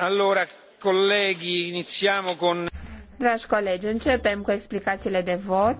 Allora, Dragi colegi, începem cu explicațiile de vot.